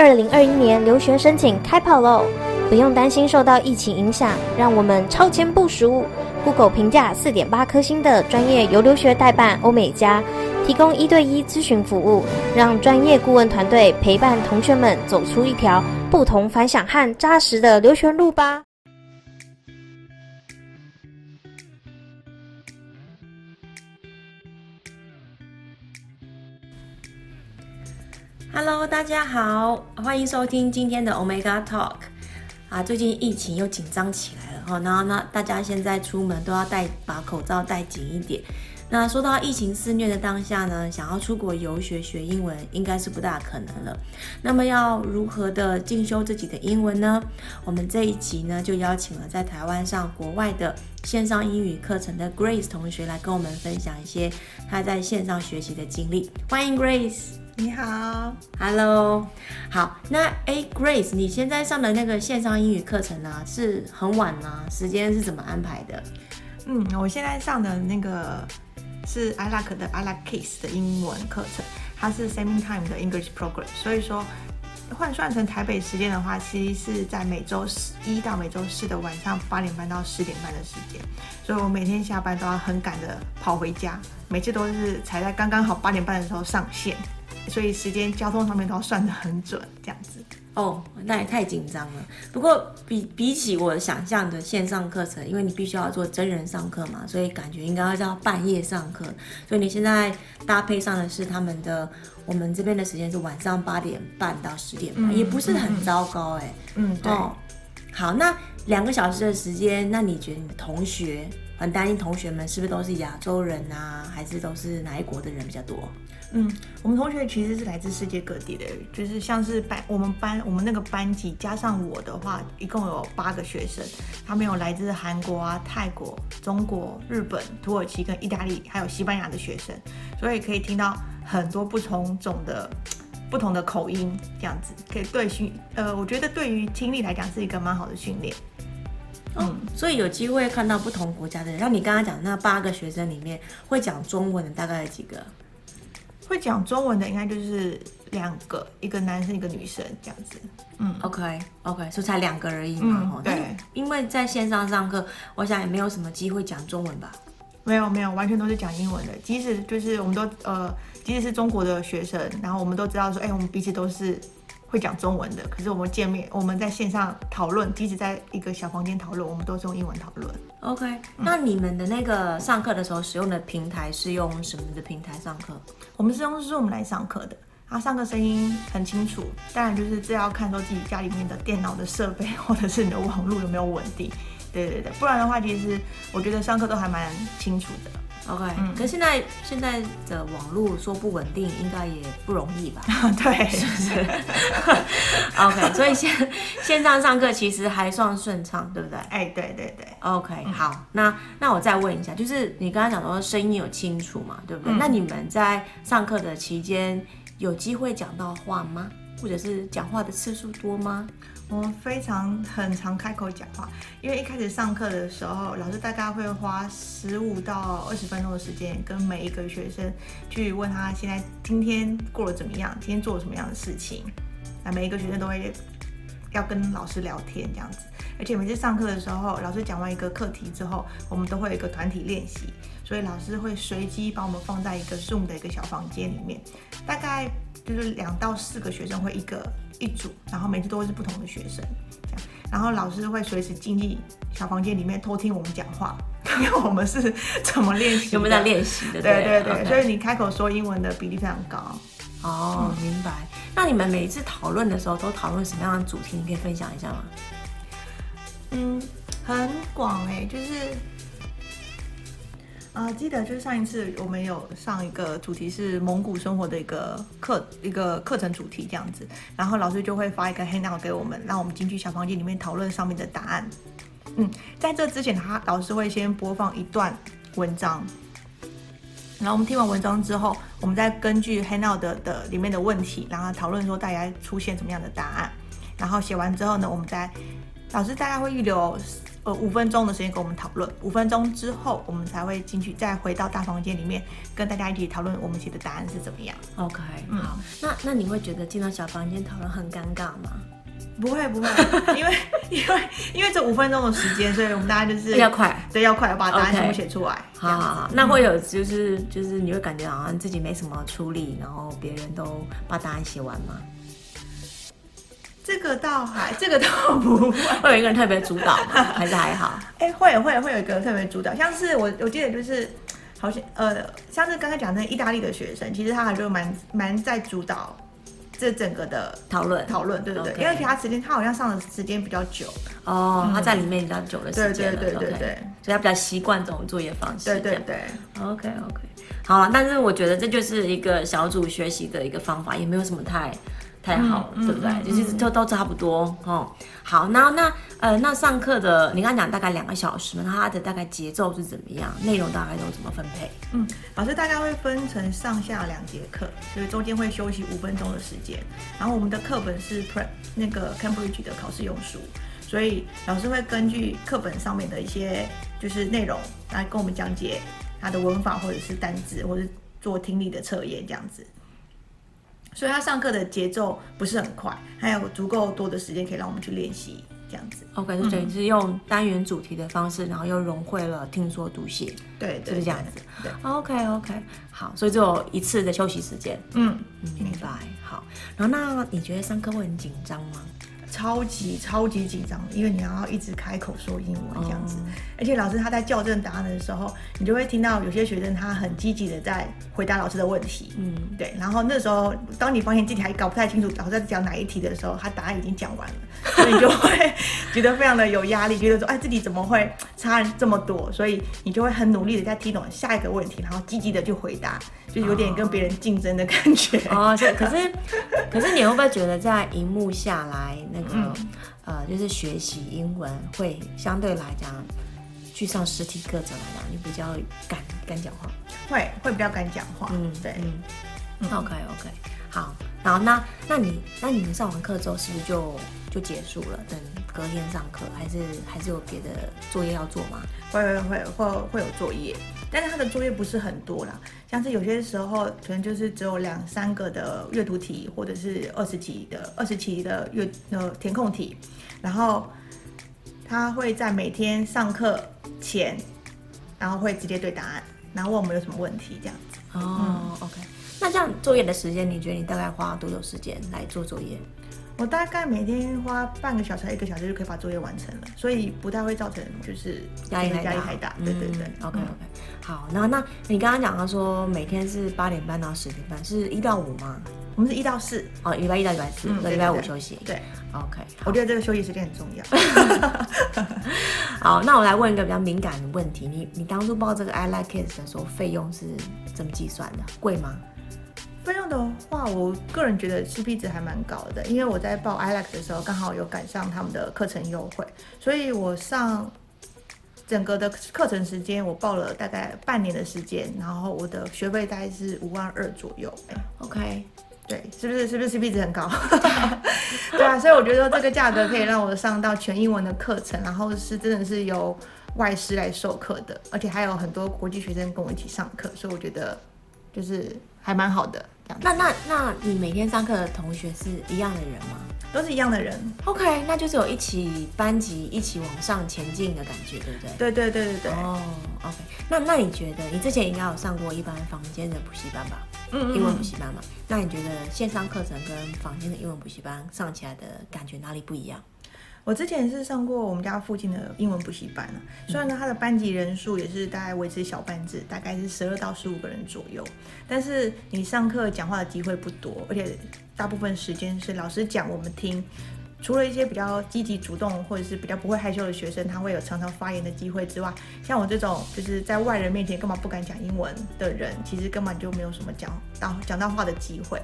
二零二一年留學申請開跑嘍！不用擔心受到疫情影響，讓我們超前部署。Google 評價四點八顆星的專業遊留學代辦歐美加，提供一對一諮詢服務，讓專業顧問團隊陪伴同學們走出一條不同凡響和紮實的留學路吧。Hello，大家好，歡迎收聽今天的 Omega Talk。啊，最近疫情又緊張起來了，然後呢，大家現在出門都要戴把口罩戴緊一點。那說到疫情肆虐的當下呢，想要出國遊學學英文應該是不大可能了。那麼要如何的進修自己的英文呢？我們這一集呢，就邀請了在台灣上國外的線上英語課程的 Grace 同學來跟我們分享一些她在線上學習的經歷。歡迎 Grace。你好，Hello，好。那 A Grace，你現在上的那個線上英語課程呢、啊，是很晚嗎？時間是怎麼安排的？嗯，我現在上的那個是 ILAC 的 ILAC KISS 的英文課程，它是 Same Time 的 English Program，所以說換算成台北時間的話，其實是在每周一到每周四的晚上八點半到十點半的時間，所以我每天下班都要很趕的跑回家，每次都是才在剛剛好八點半的時候上線。所以時間、交通上面都要算得很準，這樣子哦，oh, 那也太緊張了。不過比比起我想象的線上課程，因為你必須要做真人上課嘛，所以感覺應該要到半夜上課。所以你現在搭配上的是他們的，我們這邊的時間是晚上八點半到十點半，嗯，也不是很糟糕哎、欸。嗯，對。好，oh, 那兩個小時的時間，那你覺得你的同學？很擔心同學們是不是都是亞洲人啊？還是都是哪一國的人比較多？嗯，我們同學其實是來自世界各地的，就是像是班我們班我們那個班級加上我的話，一共有八個學生，他們有來自韓國啊、泰國、中國、日本、土耳其跟意大利，還有西班牙的學生，所以可以聽到很多不同種的、不同的口音，這樣子可以對訓呃，我覺得對於聽力來講是一個蠻好的訓練。嗯，所以有機會看到不同國家的人。像你剛剛講那八個學生裡面，會講中文的大概有幾個？會講中文的應該就是兩個，一個男生一個女生這樣子。嗯，OK OK，所以才兩個而已嘛。嗯哦、對，因為在線上上課，我想也沒有什麼機會講中文吧？沒有沒有，完全都是講英文的。即使就是我們都呃，即使是中國的學生，然後我們都知道說，哎、欸，我們彼此都是。會講中文的，可是我們見面，我們在線上討論，即使在一個小房間討論，我們都是用英文討論。OK，嗯，那你們的那個上課的時候使用的平台是用什麼的平台上課？我們是用 Zoom 來上課的，它，啊，上課聲音很清楚。當然，就是這要看說自己家裡面的電腦的設備或者是你的網絡有沒有穩定。對對對對，不然的話，其實我覺得上課都還蠻清楚的。OK，、嗯、可是現在現在的網絡說不穩定，應該也不容易吧？呵呵對，是不是 ？OK，所以線，線上上課其實還算順暢，對不對？哎，對對對。OK，、嗯、好，那那我再問一下，就是你剛才講到聲音有清楚嘛，對不對？嗯、那你們在上課的期間有機會講到話嗎？或者是講話的次數多嗎？我非常很常開口講話，因為一開始上課的時候，老師大概會花十五到二十分鐘的時間，跟每一個學生去問他現在今天過得怎麼樣，今天做了什麼樣的事情。那每一個學生都會要跟老師聊天這樣子，而且每次上課的時候，老師講完一個課題之後，我們都會有一個團體練習，所以老師會隨機把我們放在一個 Zoom 的一個小房間裡面，大概就是兩到四個學生會一個。一組，然後每次都會是不同的學生這樣，然後老師會隨時進入小房間裡面偷聽我們講話，看看我們是怎麼練習，有沒有在練習的，對對對，Okay. 所以你開口說英文的比例非常高。哦、oh, 嗯，明白。那你們每一次討論的時候都討論什麼樣的主題？你可以分享一下嗎？嗯，很廣誒、欸，就是。啊，記得就是上一次我們有上一個主題是蒙古生活的一個課，一個課程主題這樣子，然後老師就會發一個 handout 給我們，讓我們進去小房間裡面討論上面的答案。嗯，在這之前，他老師會先播放一段文章，然後我們聽完文章之後，我們再根據 handout 的的裡面的問題，然後討論說大家出現什麼樣的答案，然後寫完之後呢，我們再老師大概會預留。呃，五分鐘的時間跟我們討論，五分鐘之後我們才會進去，再回到大房間裡面跟大家一起討論我們寫的答案是怎麼樣。OK、嗯、好，那那你會覺得進到小房間討論很尷尬嗎？不會不會， 因為因為因為這五分鐘的時間，所以我們大家就是要快，對，要快要把答案全部寫出來。Okay, 好好好，那會有就是、嗯、就是你會感覺好像自己沒什麼出力，然後別人都把答案寫完嗎？這個倒還，這個倒不會還是還好、 欸、會,會，會有一個人特別主導，還是還好。哎，會會會有一個人特別主導，像是我我記得就是，好像呃，像是剛剛講那意大利的學生，其實他就是蠻蠻在主導這整個的討論討論，對不對,對？Okay. 因為其他時間他好像上的時間比較久哦，oh, 嗯、他在裡面比較久的時間，對,對對對對對，okay. 所以他比較習慣這種作業方式。對對對,對樣，OK OK，好，但是我覺得這就是一個小組學習的一個方法，也沒有什麼太。太好，嗯、對不對？嗯、就是都都差不多，嗯、哦。好，那那呃，那上課的你剛剛講大概兩個小時嘛，它的大概節奏是怎麼樣？內容大概都怎麼分配？嗯，老師大概會分成上下兩節課，所以中間會休息五分鐘的時間。然後我們的課本是 pre, 那個 Cambridge 的考試用書，所以老師會根據課本上面的一些就是內容來跟我們講解它的文法，或者是單字，或者是做聽力的測驗這樣子。所以他上課的節奏不是很快，還有足夠多的時間可以讓我們去練習，這樣子。OK，對對，嗯，就等於是用單元主題的方式，然後又融匯了聽說讀寫，對，對，就是這樣子。OK，OK，、okay, okay. 好，所以只有一次的休息時間。嗯，明白。明白。好，然後那你覺得上課會很緊張嗎？超級超級緊張，因為你要一直開口說英文這樣子，oh. 而且老師他在校正答案的時候，你就會聽到有些學生他很積極的在回答老師的問題，嗯，mm. 對。然後那時候，當你發現自己還搞不太清楚老師在講哪一題的時候，他答案已經講完了，所以你就會覺得非常的有壓力， 覺得說哎自己怎麼會差這麼多，所以你就會很努力的在聽懂下一個問題，然後積極的去回答。就有點跟別人競爭的感覺哦， 哦。可是，可是你會不會覺得在熒幕下來那個 呃，就是學習英文會相對來講去上實體課程來講？你比較敢敢講話，會會比較敢講話。嗯，對，嗯，OK，OK，好，好，然後那那你那你們上完課之後是不是就就結束了？等、嗯。隔天上課還是還是有別的作業要做嗎？會會會會會有作業，但是他的作業不是很多啦，像是有些時候可能就是只有兩三個的閱讀題，或者是二十題的二十題的閱呃填空題，然後他會在每天上課前，然後會直接對答案。然後問我們有什麼問題，這樣子哦。嗯、OK，那這樣作業的時間，你覺得你大概花多久時間來做作業？我大概每天花半個小時還一個小時就可以把作業完成了，所以不太會造成就是壓力太大。壓力太大，嗯、對對對。OK OK，好，那那你剛剛講到說每天是八點半到十點半，是一到五嗎？我們是一到四，哦，禮拜一到禮拜四，禮拜五休息。對。OK，我覺得這個休息時間很重要。 好，那我來問一個比較敏感的問題，你你當初報這個 ILAC KISS 的時候，費用是怎麼計算的？貴嗎？費用的話，我個人覺得 CP 值還蠻高的，因為我在報 ILAC 的時候，剛好有趕上他們的課程優惠，所以我上整個的課程時間，我報了大概半年的時間，然後我的學費大概是五萬二左右。OK。對，是不是是不是 CP 值很高？ 對啊，所以我覺得說這個價格可以讓我上到全英文的課程，然後是真的是由外師來授課的，而且還有很多國際學生跟我一起上課，所以我覺得就是還蠻好的。這樣子那。那那那你每天上課的同學是一樣的人嗎？都是一樣的人。OK，那就是有一起班級一起往上前進的感覺，對不對？對，對對對對對。哦。Oh, OK，那那你覺得你之前應該有上過一般房間的補習班吧？嗯，英文補習班嘛，嗯嗯。那你覺得線上課程跟坊間的英文補習班上起來的感覺哪裡不一樣？我之前是上過我們家附近的英文補習班啊，雖然呢他的班級人數也是大概維持小班制，大概是十二到十五個人左右，但是你上課講話的機會不多，而且大部分時間是老師講我們聽。除了一些比較積極主動或者是比較不會害羞的學生，他會有常常發言的機會之外，像我這種就是在外人面前根本不敢講英文的人，其實根本就沒有什麼講到講到話的機會。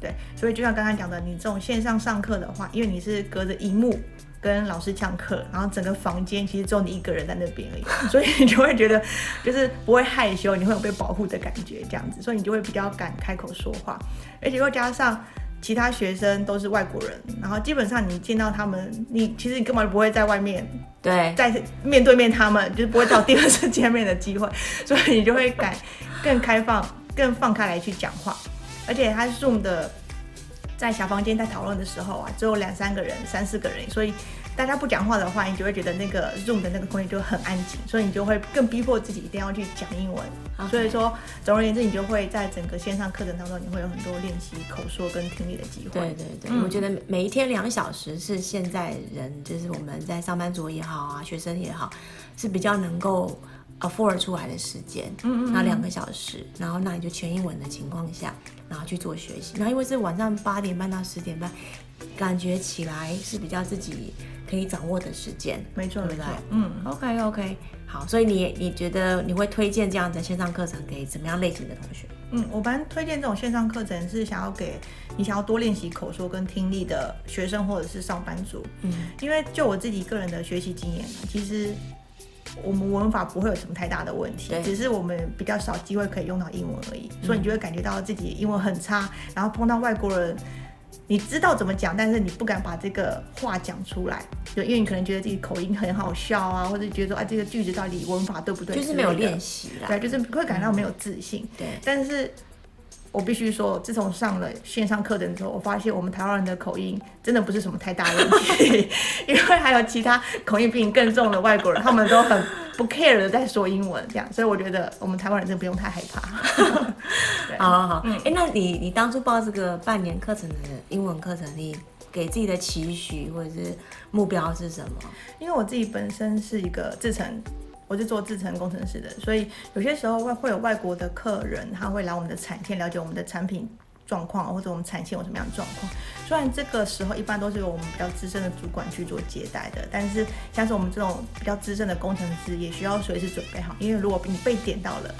對，所以就像剛剛講的，你這種線上上課的話，因為你是隔着熒幕跟老師講課，然後整個房間其實只有你一個人在那邊而已，所以你就會覺得就是不會害羞，你會有被保護的感覺這樣子，所以你就會比較敢開口說話，而且又加上。其他學生都是外國人，然後基本上你見到他們，你其實你根本就不會在外面對，在面對面他們，就是不會到第二次見面的機會， 所以你就會改更開放、更放開來去講話，而且他是我們的在小房間在討論的時候啊，只有兩三個人、三四個人，所以。大家不講話的話，你就會覺得那個 Zoom 的那個空間就很安靜，所以你就會更逼迫自己一定要去講英文。好所以說，總而言之，你就會在整個線上課程當中，你會有很多練習口說跟聽力的機會。對對對，嗯、我覺得每一天兩小時是現在人，就是我們在上班族也好啊，學生也好，是比較能夠。啊，afford 出來的時間，嗯，嗯嗯，然後兩個小時，然後那你就全英文的情況下，然後去做學習，然後因為是晚上八點半到十點半，感覺起來是比較自己可以掌握的時間，沒錯沒錯，對對嗯，OK OK，好，所以你你覺得你會推薦這樣的線上課程給怎麼樣類型的同學？嗯，我一般推薦這種線上課程是想要給你想要多練習口說跟聽力的學生或者是上班族，嗯，因為就我自己個人的學習經驗，其實。我們文法不會有什麼太大的問題，對只是我們比較少機會可以用到英文而已，嗯、所以你就會感覺到自己英文很差，然後碰到外國人，你知道怎麼講，但是你不敢把這個話講出來，就因為你可能覺得自己口音很好笑啊，或者覺得說哎、啊、這個句子到底文法對不對，就是沒有練習啦，對，就是會感到沒有自信，嗯、對，但是。我必須說，自從上了線上課程之後，我發現我們台灣人的口音真的不是什麼太大問題， 因為還有其他口音比你更重的外國人， 他們都很不 care 的在說英文這樣，所以我覺得我們台灣人真的不用太害怕。 對好好，誒、欸，那你你當初報這個半年課程的英文課程裡，你給自己的期許或者是目標是什麼？因為我自己本身是一個製程。我是做製程工程師的，所以有些時候會會有外國的客人，他會來我們的產線了解我們的產品狀況，或者我們產線有什麼樣的狀況。雖然這個時候一般都是由我們比較資深的主管去做接待的，但是像是我們這種比較資深的工程師，也需要隨時準備好，因為如果你被點到了，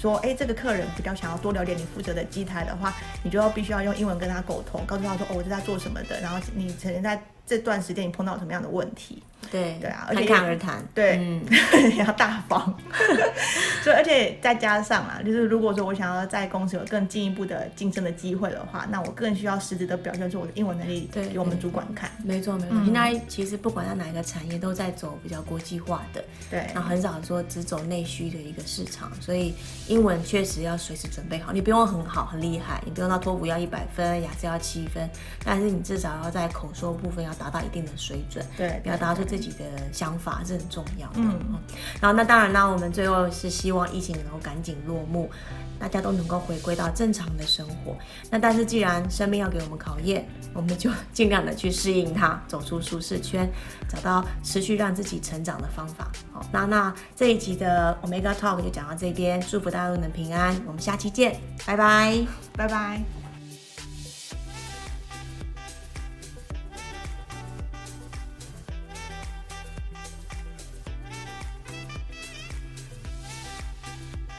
說誒，欸，這個客人比較想要多了解你負責的機台的話，你就要必須要用英文跟他溝通，告訴他說哦，我在做什麼的，然後你曾經在這段時間你碰到什麼樣的問題。對，對啊，而且侃侃而談。對，嗯。 也要大方， 所以而且再加上啊，就是如果說我想要在公司有更進一步的晉升的機會的話，那我更需要實質的表現出我的英文能力，對，給我們主管看。沒錯、嗯、沒錯，沒錯。嗯、現在其實不管在哪一個產業，都在走比較國際化的，對，然後很少說只走內需的一個市場，所以英文確實要隨時準備好。你不用很好很厲害，你不用到托福要一百分，雅思要七分，但是你至少要在口說部分要達到一定的水準，對，表達出自己。自己的想法是很重要的。嗯、哦，然後那當然呢，我們最後是希望疫情能夠趕緊落幕，大家都能夠回歸到正常的生活。那但是既然生命要給我們考驗，我們就盡量的去適應它，走出舒適圈，找到持續讓自己成長的方法。好、哦，那那這一集的 Omega Talk 就講到這邊，祝福大家都能平安。我們下期見，拜拜，拜拜。